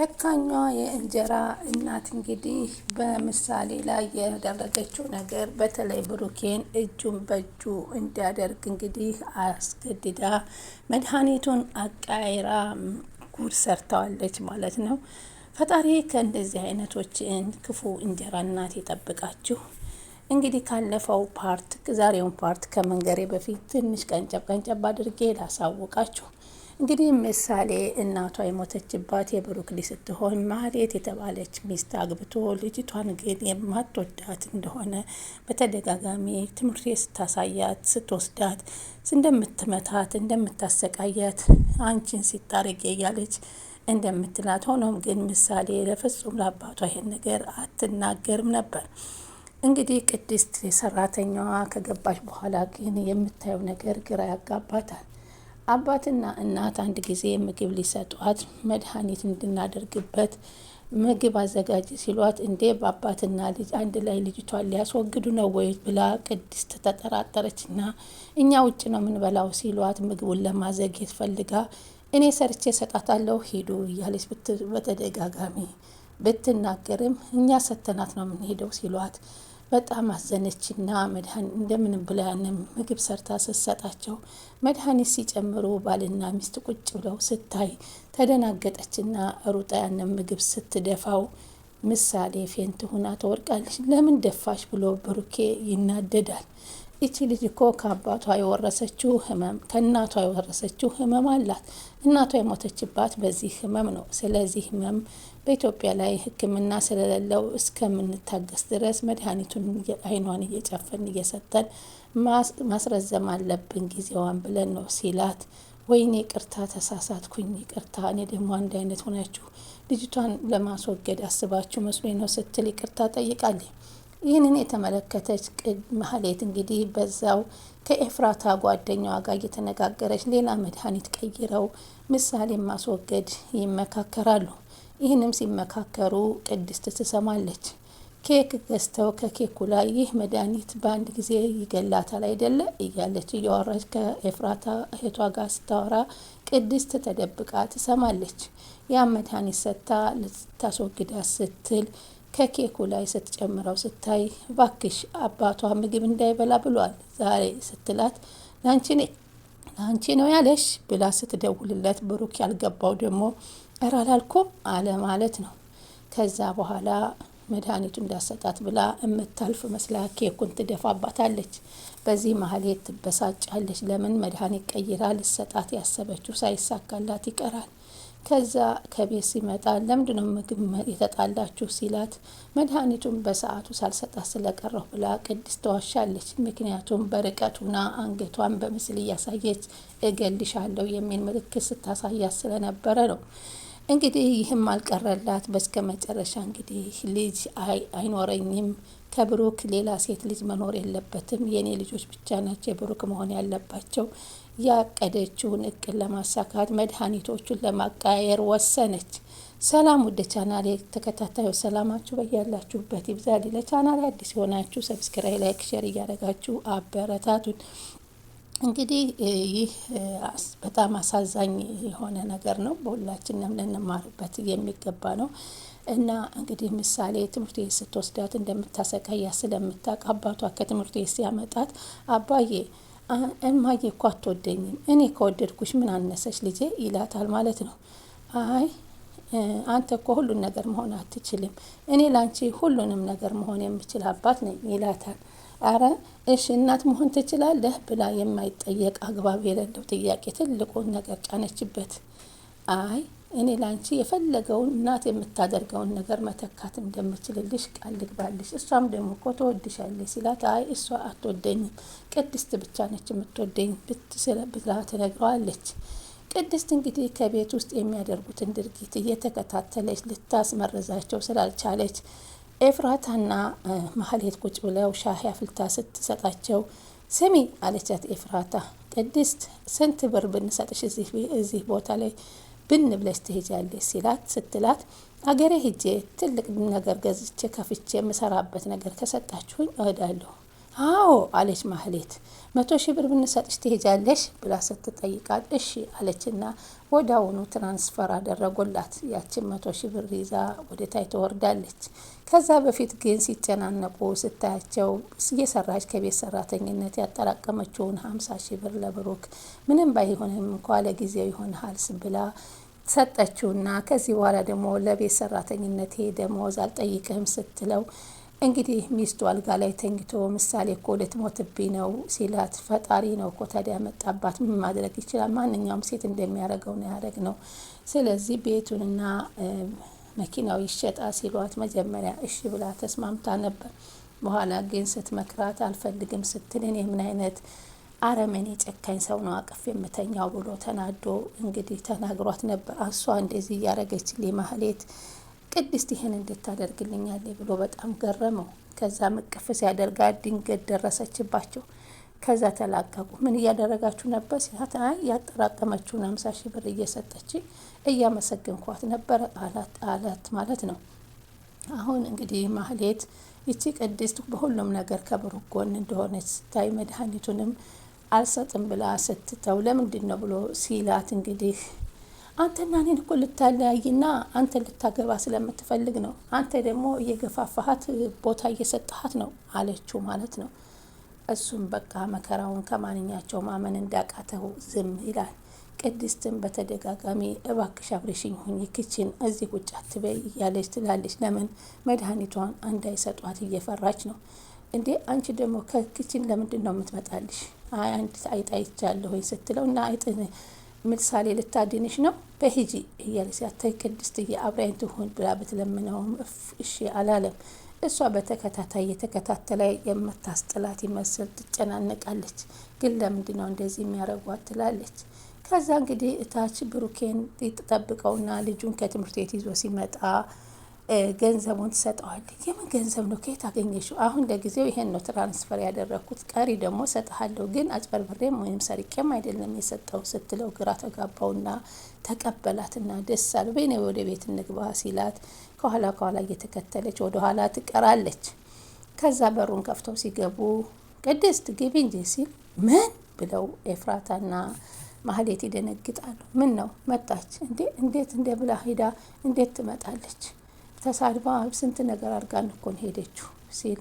ጨካኟ የእንጀራ እናት እንግዲህ በምሳሌ ላይ ያደረገችው ነገር በተለይ ብሩኬን እጁን በእጁ እንዲያደርግ እንግዲህ አስገድዳ መድኃኒቱን አቃይራ ጉድ ሰርተዋለች ማለት ነው። ፈጣሪ ከእንደዚህ አይነቶችን ክፉ እንጀራ እናት ይጠብቃችሁ። እንግዲህ ካለፈው ፓርት ዛሬውን ፓርት ከመንገሬ በፊት ትንሽ ቀንጨብ ቀንጨብ አድርጌ ላሳውቃችሁ እንግዲህ ምሳሌ እናቷ የሞተችባት የብሩክሊ ስትሆን ማህሌት የተባለች ሚስት አግብቶ ልጅቷን ግን የማትወዳት እንደሆነ በተደጋጋሚ ትምህርት ስታሳያት ስትወስዳት እንደምትመታት እንደምታሰቃያት አንቺን ሲታረጌ እያለች እንደምትላት ሆኖም ግን ምሳሌ ለፍጹም ለአባቷ ይሄን ነገር አትናገርም ነበር። እንግዲህ ቅድስት ሰራተኛዋ ከገባች በኋላ ግን የምታየው ነገር ግራ ያጋባታል። አባትና እናት አንድ ጊዜ ምግብ ሊሰጧት መድኃኒት እንድናደርግበት ምግብ አዘጋጅ ሲሏት እንዴ በአባትና ልጅ አንድ ላይ ልጅቷን ሊያስወግዱ ነው ወይ ብላ ቅድስት ተጠራጠረችና እኛ ውጭ ነው የምንበላው ሲሏት ምግቡን ለማዘግየት ፈልጋ እኔ ሰርቼ ሰጣታለሁ ሂዱ እያለች በተደጋጋሚ ብትናገርም እኛ ሰተናት ነው የምንሄደው ሲሏት በጣም አዘነችና መድሀን እንደምንም ብላንም ምግብ ሰርታ ስትሰጣቸው መድኃኒት ሲጨምሩ ባልና ሚስት ቁጭ ብለው ስታይ ተደናገጠችና ሩጣ ያንን ምግብ ስትደፋው ምሳሌ ፌንት ሁና ትወድቃለች። ለምን ደፋሽ ብሎ ብሩኬ ይናደዳል። እቺ ልጅ እኮ ከአባቷ የወረሰችው ህመም ከእናቷ የወረሰችው ህመም አላት። እናቷ የሞተችባት በዚህ ህመም ነው። ስለዚህ ህመም በኢትዮጵያ ላይ ሕክምና ስለሌለው እስከምንታገስ ድረስ መድኃኒቱን አይኗን እየጨፈን እየሰጠን ማስረዘም አለብን ጊዜዋን ብለን ነው ሲላት፣ ወይኔ ቅርታ ተሳሳትኩኝ፣ ቅርታ እኔ ደግሞ አንድ አይነት ሆናችሁ ልጅቷን ለማስወገድ አስባችሁ መስሎኝ ነው ስትል ይቅርታ ጠይቃለች። ይህንን የተመለከተች ማህሌት እንግዲህ በዛው ከኤፍራታ ጓደኛዋ ጋር እየተነጋገረች ሌላ መድኃኒት ቀይረው ምሳሌ ማስወገድ ይመካከራሉ። ይህንም ሲመካከሩ ቅድስት ትሰማለች። ኬክ ገዝተው ከኬኩ ላይ ይህ መድኃኒት በአንድ ጊዜ ይገላታል አይደለ እያለች እያወራች ከኤፍራታ እህቷ ጋር ስታወራ ቅድስት ተደብቃ ትሰማለች። ያ መድኃኒት ሰጥታ ታስወግዳ ስትል ከኬኩ ላይ ስትጨምረው ስታይ ባክሽ አባቷ ምግብ እንዳይበላ ብሏል ዛሬ ስትላት ለአንቺ ነው ያለሽ ብላ ስትደውልለት ብሩክ ያልገባው ደግሞ እራላልኩ አላልኩም አለ ማለት ነው። ከዛ በኋላ መድኃኒቱ እንዳሰጣት ብላ የምታልፍ መስላ ኬኩን ትደፋባታለች። በዚህ መሀል ትበሳጫለች። ለምን መድኃኒት ቀይራ ልሰጣት ያሰበችው ሳይሳካላት ይቀራል። ከዛ ከቤት ሲመጣ ለምንድነው ምግብ የተጣላችሁ ሲላት መድኃኒቱን በሰዓቱ ሳልሰጣት ስለቀረሁ ብላ ቅድስት ተዋሻለች። ምክንያቱም በርቀቱና አንገቷን በምስል እያሳየች እገልሻለሁ የሚል ምልክት ስታሳያት ስለነበረ ነው። እንግዲህ ይህም አልቀረላት። በስከ መጨረሻ እንግዲህ ልጅ አይኖረኝም ከብሩክ ሌላ ሴት ልጅ መኖር የለበትም። የእኔ ልጆች ብቻ ናቸው የብሩክ መሆን ያለባቸው ያቀደችውን እቅድ ለማሳካት መድኃኒቶቹን ለማቃየር ወሰነች። ሰላም ወደ ቻናል ተከታታዩ ሰላማችሁ በያላችሁበት ይብዛል። ለቻናል አዲስ የሆናችሁ ሰብስክራይ፣ ላይክ፣ ሼር እያደረጋችሁ አበረታቱን። እንግዲህ ይህ በጣም አሳዛኝ የሆነ ነገር ነው። በሁላችንም ልንማርበት የሚገባ ነው እና እንግዲህ ምሳሌ ትምህርት ቤት ስትወስዳት እንደምታሰቃያ ስለምታውቅ አባቷ ከትምህርት ቤት ሲያመጣት አባዬ እማዬ እኮ አትወደኝም፣ እኔ ከወደድኩሽ ምን አነሰች ልጄ ይላታል ማለት ነው። አይ አንተ እኮ ሁሉን ነገር መሆን አትችልም፣ እኔ ላንቺ ሁሉንም ነገር መሆን የምችል አባት ነኝ ይላታል። አረ እሺ እናት መሆን ትችላለህ ብላ የማይጠየቅ አግባብ የሌለው ጥያቄ ትልቁን ነገር ጫነችበት። አይ እኔ ላንቺ የፈለገውን እናት የምታደርገውን ነገር መተካት እንደምችልልሽ ቃል ልግባልሽ። እሷም ደግሞ እኮ ትወድሻለች ሲላት፣ አይ እሷ አትወደኝም ቅድስት ብቻ ነች የምትወደኝ ብላ ትነግረዋለች። ቅድስት እንግዲህ ከቤት ውስጥ የሚያደርጉትን ድርጊት እየተከታተለች ልታስመረዛቸው ስላልቻለች ኤፍራታና ማህሌት ቁጭ ብለው ሻሂ አፍልታ ስትሰጣቸው ስሚ አለቻት ኤፍራታ ቅድስት ስንት ብር ብንሰጥሽ እዚህ ቦታ ላይ ብን ብለሽ ትሄጃለች ሲላት ስትላት አገሬ ሄጄ ትልቅ ነገር ገዝቼ ከፍቼ የምሰራበት ነገር ከሰጣችሁኝ እወዳለሁ አዎ አለች ማህሌት። መቶ ሺህ ብር ብንሰጥሽ ትሄጃለሽ ብላ ስትጠይቃት እሺ አለችና ወዲያውኑ ትራንስፈር አደረጎላት። ያችን መቶ ሺህ ብር ይዛ ወደ ታይ ትወርዳለች። ከዛ በፊት ግን ሲጨናነቁ ስታያቸው እየሰራች ከቤት ሰራተኝነት ያጠራቀመችውን ሀምሳ ሺህ ብር ለብሩክ ምንም ባይሆንም እንኳ ለጊዜው ይሆናል ብላ ሰጠችውና ከዚህ በኋላ ደግሞ ለቤት ሰራተኝነት ደሞዝ አልጠይቅህም ስትለው እንግዲህ ሚስቱ አልጋ ላይ ተኝቶ ምሳሌ እኮ ልትሞትብኝ ነው ሲላት፣ ፈጣሪ ነው እኮ ታዲያ መጣባት፣ ምን ማድረግ ይችላል? ማንኛውም ሴት እንደሚያደርገው ነው ያደረግ ነው። ስለዚህ ቤቱንና መኪናው ይሸጣ ሲሏት መጀመሪያ እሺ ብላ ተስማምታ ነበር። በኋላ ግን ስትመክራት አልፈልግም ስትል እኔ ምን አይነት አረመኔ ጨካኝ ሰው ነው አቅፍ የምተኛው ብሎ ተናዶ እንግዲህ ተናግሯት ነበር። እሷ እንደዚህ እያደረገችልኝ ማህሌት ቅድስት ይህን እንዴት ታደርግልኛለ ብሎ በጣም ገረመው። ከዛ መቀፍ ሲያደርጋ ድንገት ደረሰችባቸው። ከዛ ተላቀቁ። ምን እያደረጋችሁ ነበር ሲላት፣ አይ ያጠራቀመችውን አምሳ ሺህ ብር እየሰጠች እያመሰገንኳት ነበር አላት አላት ማለት ነው። አሁን እንግዲህ ማህሌት ይቺ ቅድስት በሁሉም ነገር ከብሩ ጎን እንደሆነች ስታይ መድኃኒቱንም አልሰጥም ብላ ስትተው ለምንድን ነው ብሎ ሲላት እንግዲህ አንተና እኔን እኮ ልታለያይና አንተ ልታገባ ስለምትፈልግ ነው። አንተ ደግሞ እየገፋፋሃት ቦታ እየሰጠሃት ነው አለችው ማለት ነው። እሱም በቃ መከራውን ከማንኛቸው ማመን እንዳቃተው ዝም ይላል። ቅድስትን በተደጋጋሚ እባክሽ አብሬሽኝ ሁኚ፣ ክችን እዚህ ቁጭ አትበይ እያለች ትላለች። ለምን መድኃኒቷን እንዳይሰጧት እየፈራች ነው። እንዴ አንቺ ደግሞ ከክችን ለምንድን ነው የምትመጣልሽ? አይ አንድ አይጥ አይቻለሁኝ ስትለው እና አይጥ ምሳሌ ልታድንሽ ነው በሂጂ እያለ ሲያታይ ቅድስትዬ አብራኝ ትሁን ብላ ብትለምነውም እሺ አላለም። እሷ በተከታታይ የተከታተለ የምታስጥላት ይመስል ትጨናነቃለች። ግን ለምንድ ነው እንደዚህ የሚያደርጓት ትላለች። ከዛ እንግዲህ እታች ብሩኬን ጠብቀውና ልጁን ከትምህርት ቤት ይዞ ሲመጣ ገንዘቡን ትሰጠዋለች። የምን ገንዘብ ነው? ከየት አገኘሽው? አሁን ለጊዜው ይሄን ነው ትራንስፈር ያደረግኩት፣ ቀሪ ደግሞ ሰጥሃለሁ፣ ግን አጭበርብሬም ወይም ሰርቄም አይደለም የሰጠው ስትለው ግራ ተጋባውና ተቀበላትና ደስ አለ። በኔ ወደ ቤት እንግባ ሲላት ከኋላ ከኋላ እየተከተለች ወደኋላ ትቀራለች። ከዛ በሩን ከፍተው ሲገቡ ቅድስት ግቢ እንጂ ሲል ምን ብለው ኤፍራታና ማህሌት ይደነግጣሉ። ምን ነው መጣች እንዴ? እንዴት እንደ ብላ ሂዳ እንዴት ትመጣለች? ተሳድባ ስንት ነገር አድርጋን እኮ ነው ሄደችው ሲል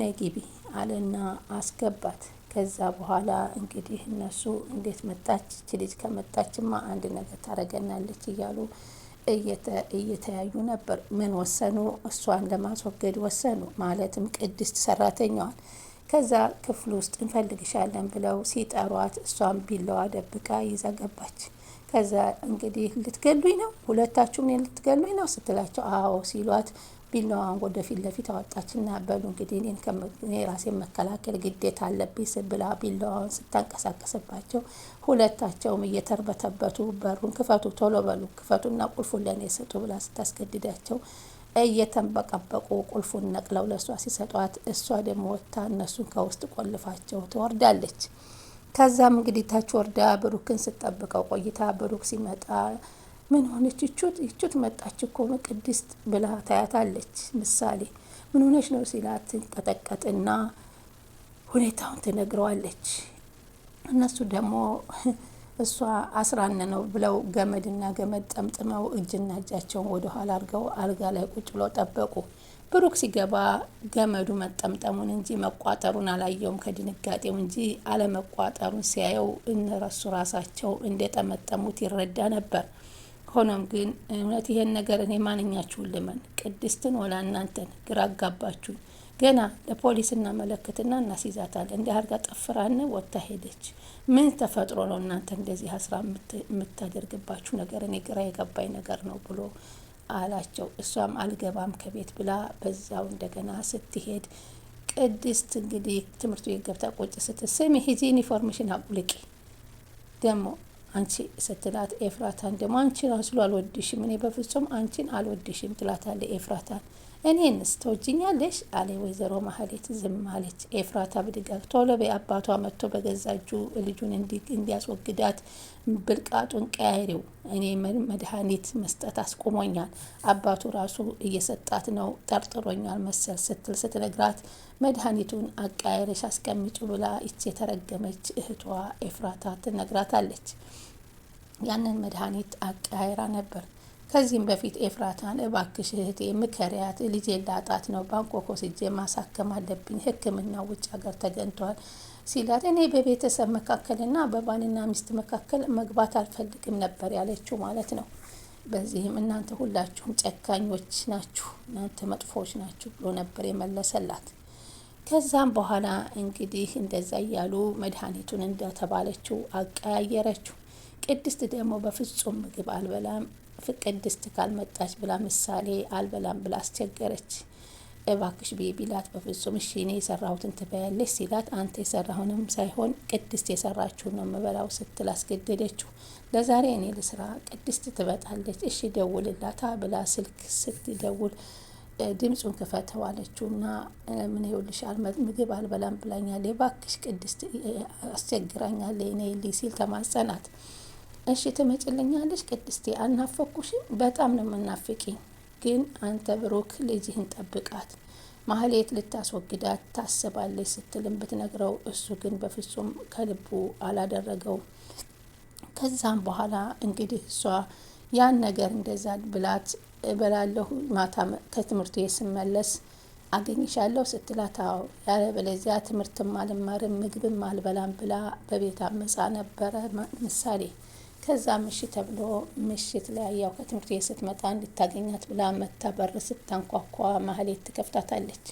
ነጊቢ አለና አስገባት። ከዛ በኋላ እንግዲህ እነሱ እንዴት መጣች እች ልጅ ከመጣችማ አንድ ነገር ታደርገናለች እያሉ እየተያዩ ነበር። ምን ወሰኑ? እሷን ለማስወገድ ወሰኑ። ማለትም ቅድስት ሰራተኛዋን። ከዛ ክፍል ውስጥ እንፈልግሻለን ብለው ሲጠሯት እሷን ቢላዋ ደብቃ ይዛ ገባች። ከዛ እንግዲህ እንድትገሉኝ ነው ሁለታችሁ እኔን ልትገሉኝ ነው ስትላቸው አዎ ሲሏት ቢላዋን ወደፊት ለፊት አወጣችና በሉ እንግዲህ እኔ ራሴን መከላከል ግዴታ አለብኝ ብላ ቢላዋን ስታንቀሳቀስባቸው ሁለታቸውም እየተርበተበቱ በሩን ክፈቱ፣ ቶሎ በሉ ክፈቱና ቁልፉን ለእኔ ስጡ ብላ ስታስገድዳቸው እየተንበቀበቁ ቁልፉን ነቅለው ለእሷ ሲሰጧት እሷ ደግሞ ወታ እነሱን ከውስጥ ቆልፋቸው ትወርዳለች። ከዛም እንግዲህ ታች ወርዳ ብሩክን ስጠብቀው ቆይታ ብሩክ ሲመጣ ምን ሆነች እቹት እቹት መጣች እኮ ቅድስት ብላ ታያታለች። ምሳሌ ምን ሆነች ነው ሲላት ቀጠቀጥና ሁኔታውን ትነግረዋለች። እነሱ ደግሞ እሷ አስራነ ነው ብለው ገመድና ገመድ ጠምጥመው እጅና እጃቸውን ወደኋላ አድርገው አልጋ ላይ ቁጭ ብለው ጠበቁ። ብሩክ ሲገባ ገመዱ መጠምጠሙን እንጂ መቋጠሩን አላየውም። ከድንጋጤው እንጂ አለመቋጠሩን ሲያየው እነረሱ ራሳቸው እንደጠመጠሙት ይረዳ ነበር። ሆኖም ግን እውነት ይሄን ነገር እኔ ማንኛችሁን ልመን? ቅድስትን ወላ እናንተን? ግራ አጋባችሁኝ። ገና ለፖሊስ እናመለክትና እናስይዛታል። እንደ አርጋ ጠፍራን ወጥታ ሄደች። ምን ተፈጥሮ ነው እናንተ እንደዚህ አስራ የምታደርግባችሁ ነገር? እኔ ግራ የገባኝ ነገር ነው ብሎ አላቸው። እሷም አልገባም ከቤት ብላ በዛው እንደገና ስትሄድ ቅድስት እንግዲህ ትምህርት ቤት ገብታ ቁጭ ስትል ስሚ ሂጂ ዩኒፎርምሽን አቁልቂ ደግሞ አንቺ ስትላት ኤፍራታን ደግሞ አንቺን አንስሎ አልወድሽም እኔ በፍጹም አንቺን አልወድሽም ትላታለ ኤፍራታን እኔን ስተውጅኛለሽ አለ ወይዘሮ ማህሌት ዝም አለች። ኤፍራታ ብድጋግ ቶሎ በይ አባቷ መጥቶ በገዛ እጁ ልጁን እንዲያስወግዳት ብልቃጡን ቀያይሬው። እኔ መድኃኒት መስጠት አስቁሞኛል አባቱ ራሱ እየሰጣት ነው ጠርጥሮኛል መሰል ስትል ስትነግራት መድኃኒቱን አቃያይረሽ አስቀምጩ ብላ ይች የተረገመች እህቷ ኤፍራታ ትነግራታለች። ያንን መድኃኒት አቀያይራ ነበር ከዚህም በፊት ኤፍራታን እባክሽ እህቴ ምከሪያት፣ ልጄን ላጣት ነው፣ ባንኮክ ወስጄ ማሳከም አለብኝ፣ ሕክምና ውጭ ሀገር ተገኝቷል ሲላት እኔ በቤተሰብ መካከልና በባልና ሚስት መካከል መግባት አልፈልግም ነበር ያለችው ማለት ነው። በዚህም እናንተ ሁላችሁም ጨካኞች ናችሁ፣ እናንተ መጥፎዎች ናችሁ ብሎ ነበር የመለሰላት። ከዛም በኋላ እንግዲህ እንደዛ እያሉ መድኃኒቱን እንደተባለችው አቀያየረችው። ቅድስት ደግሞ በፍጹም ምግብ አልበላም ቅድስት ካልመጣች ብላ ምሳሌ አልበላም ብላ አስቸገረች። እባክሽ ቤቢ ላት በፍጹም እሺ እኔ የሰራሁትን ትበያለች ሲላት አንተ የሰራሁንም ሳይሆን ቅድስት የሰራችሁን ነው የምበላው ስትል አስገደደችው። ለዛሬ እኔ ልስራ፣ ቅድስት ትበጣለች፣ እሺ ደውልላታ ብላ ስልክ ስትደውል ድምፁን ክፈተው አለችው እና ምን ይውልሻል ምግብ አልበላም ብላኛለች፣ እባክሽ ቅድስት አስቸግራኛለች፣ እኔ ሊ ሲል ተማጸናት። እሺ ትመጭልኛለች ቅድስቴ አናፈኩሽም? በጣም ነው የምናፍቂኝ። ግን አንተ ብሩክ ልጅህን ጠብቃት ማህሌት ልታስወግዳት ታስባለች ስትልም ብትነግረው እሱ ግን በፍጹም ከልቡ አላደረገውም። ከዛም በኋላ እንግዲህ እሷ ያን ነገር እንደዛ ብላት እበላለሁ ማታ ከትምህርቱ የስመለስ አገኝሻለሁ ስትላት አዎ ያለበለዚያ ትምህርትም አልማርም ምግብም አልበላም ብላ በቤት አመፃ ነበረ ምሳሌ ከዛ ምሽት ተብሎ ምሽት ላይ ያው ከትምህርት ቤት ስትመጣ እንድታገኛት ብላ መታ በር ስታንኳኳ ማህሌት ትከፍታታለች።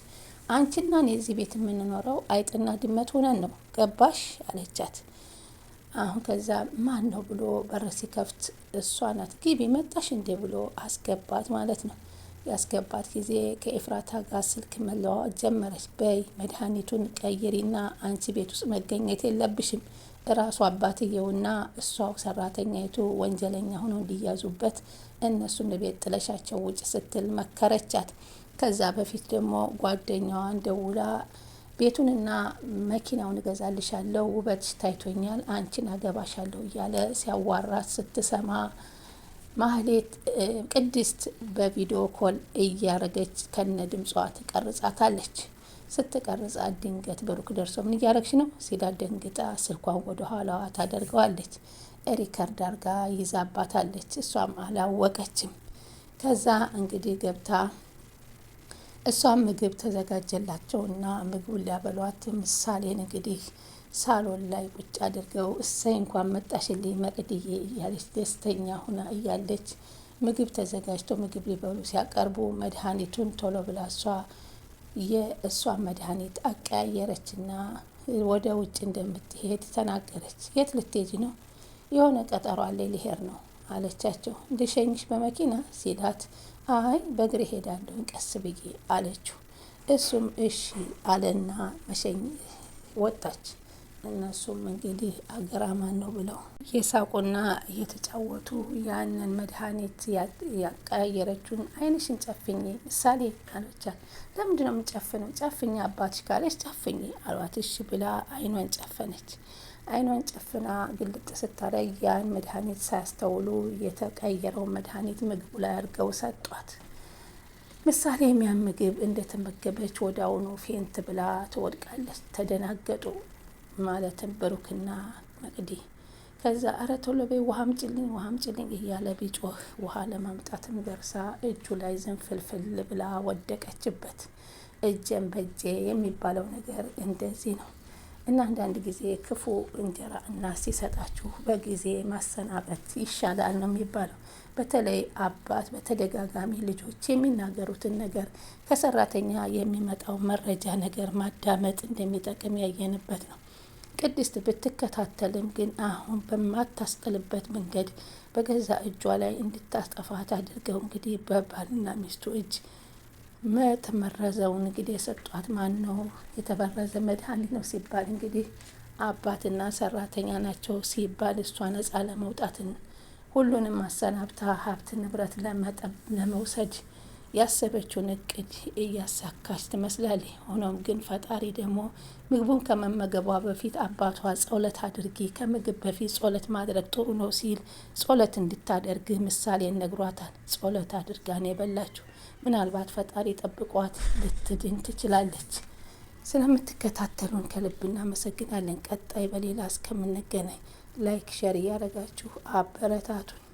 አንቺና እኔ እዚህ ቤት የምንኖረው አይጥና ድመት ሆነን ነው ገባሽ? አለቻት። አሁን ከዛ ማን ነው ብሎ በር ሲከፍት እሷ ናት። ግቢ መጣሽ እንዴ ብሎ አስገባት ማለት ነው። ያስገባት ጊዜ ከኤፍራታ ጋር ስልክ መለዋወጥ ጀመረች። በይ መድኃኒቱን ቀይሪና አንቺ ቤት ውስጥ መገኘት የለብሽም እራሱ አባትየውና እሷው ሰራተኛይቱ ወንጀለኛ ሆኖ እንዲያዙበት እነሱን ቤት ጥለሻቸው ውጭ ስትል መከረቻት። ከዛ በፊት ደግሞ ጓደኛዋን ደውላ ቤቱንና መኪናውን እገዛልሻለሁ፣ ውበት ታይቶኛል፣ አንቺን አገባሻለሁ እያለ ሲያዋራት ስትሰማ ማህሌት ቅድስት በቪዲዮ ኮል እያረገች ከነ ድምጿ ትቀርጻታለች። ስትቀርጻ ድንገት ብሩክ ደርሶ ምን እያረግሽ ነው ሲላ ደንግጣ ስልኳን ወደ ኋላዋ ታደርገዋለች። ሪከርድ አርጋ ይዛባታለች። እሷም አላወቀችም። ከዛ እንግዲህ ገብታ እሷም ምግብ ተዘጋጀላቸውና ምግቡን ሊያበሏት ምሳሌን እንግዲህ ሳሎን ላይ ቁጭ አድርገው እሰይ እንኳን መጣሽልኝ መቅድዬ እያለች ደስተኛ ሁና እያለች ምግብ ተዘጋጅቶ ምግብ ሊበሉ ሲያቀርቡ መድኃኒቱን ቶሎ ብላ እሷ የእሷን መድኃኒት አቀያየረችና ወደ ውጭ እንደምትሄድ ተናገረች። የት ልትሄጂ ነው? የሆነ ቀጠሮ አለ ልሄድ ነው አለቻቸው። ልሸኝሽ በመኪና ሲላት፣ አይ በእግሬ ሄዳለሁ ቀስ ብዬ አለችው። እሱም እሺ አለና መሸኝ ወጣች። እነሱም እንግዲህ አገር ነው ብለው የሳቁና እየተጫወቱ ያንን መድኃኒት ያቀያየረችውን አይንሽን ጨፍኝ ምሳሌ አሎቻት። ለምንድ ነው የምንጨፍነው? ጨፍኝ አባትሽ ካለች ጨፍኝ አሏት። እሺ ብላ አይኗን ጨፈነች። አይኗን ጨፍና ግልጥ ስታደርግ ያን መድኃኒት ሳያስተውሉ የተቀየረውን መድኃኒት ምግቡ ላይ አድርገው ሰጧት። ምሳሌ የሚያን ምግብ እንደተመገበች ወዳውኑ ፌንት ብላ ትወድቃለች። ተደናገጡ። ማለትም ብሩክና መቅዲ ከዛ አረ ቶሎ በይ ውሃ አምጪልኝ ውሃ አምጪልኝ እያለ ቢጮህ ውሃ ለማምጣትም ደርሳ እጁ ላይ ዝንፍልፍል ብላ ወደቀችበት። እጀን በእጄ የሚባለው ነገር እንደዚህ ነው እና አንዳንድ ጊዜ ክፉ እንጀራ እና ሲሰጣችሁ በጊዜ ማሰናበት ይሻላል ነው የሚባለው። በተለይ አባት በተደጋጋሚ ልጆች የሚናገሩትን ነገር ከሰራተኛ የሚመጣው መረጃ ነገር ማዳመጥ እንደሚጠቅም ያየንበት ነው። ቅድስት ብትከታተልም ግን አሁን በማታስጥልበት መንገድ በገዛ እጇ ላይ እንድታስጠፋ ታድርገው። እንግዲህ በባልና ሚስቱ እጅ መተመረዘውን እንግዲህ የሰጧት ማን ነው? የተበረዘ መድኃኒት ነው ሲባል እንግዲህ አባትና ሰራተኛ ናቸው ሲባል እሷ ነጻ ለመውጣትን ሁሉንም አሰናብታ ሀብት ንብረት ለመጠም ለመውሰድ ያሰበችውን እቅድ እያሳካች ትመስላል። ሆኖም ግን ፈጣሪ ደግሞ ምግቡን ከመመገቧ በፊት አባቷ ጸሎት አድርጊ፣ ከምግብ በፊት ጸሎት ማድረግ ጥሩ ነው ሲል ጸሎት እንድታደርግ ምሳሌ ነግሯታል። ጸሎት አድርጋ ነው የበላችሁ። ምናልባት ፈጣሪ ጠብቋት ልትድን ትችላለች። ስለምትከታተሉን ከልብ እናመሰግናለን። ቀጣይ በሌላ እስከምንገናኝ ላይክ፣ ሸር እያደረጋችሁ አበረታቱን።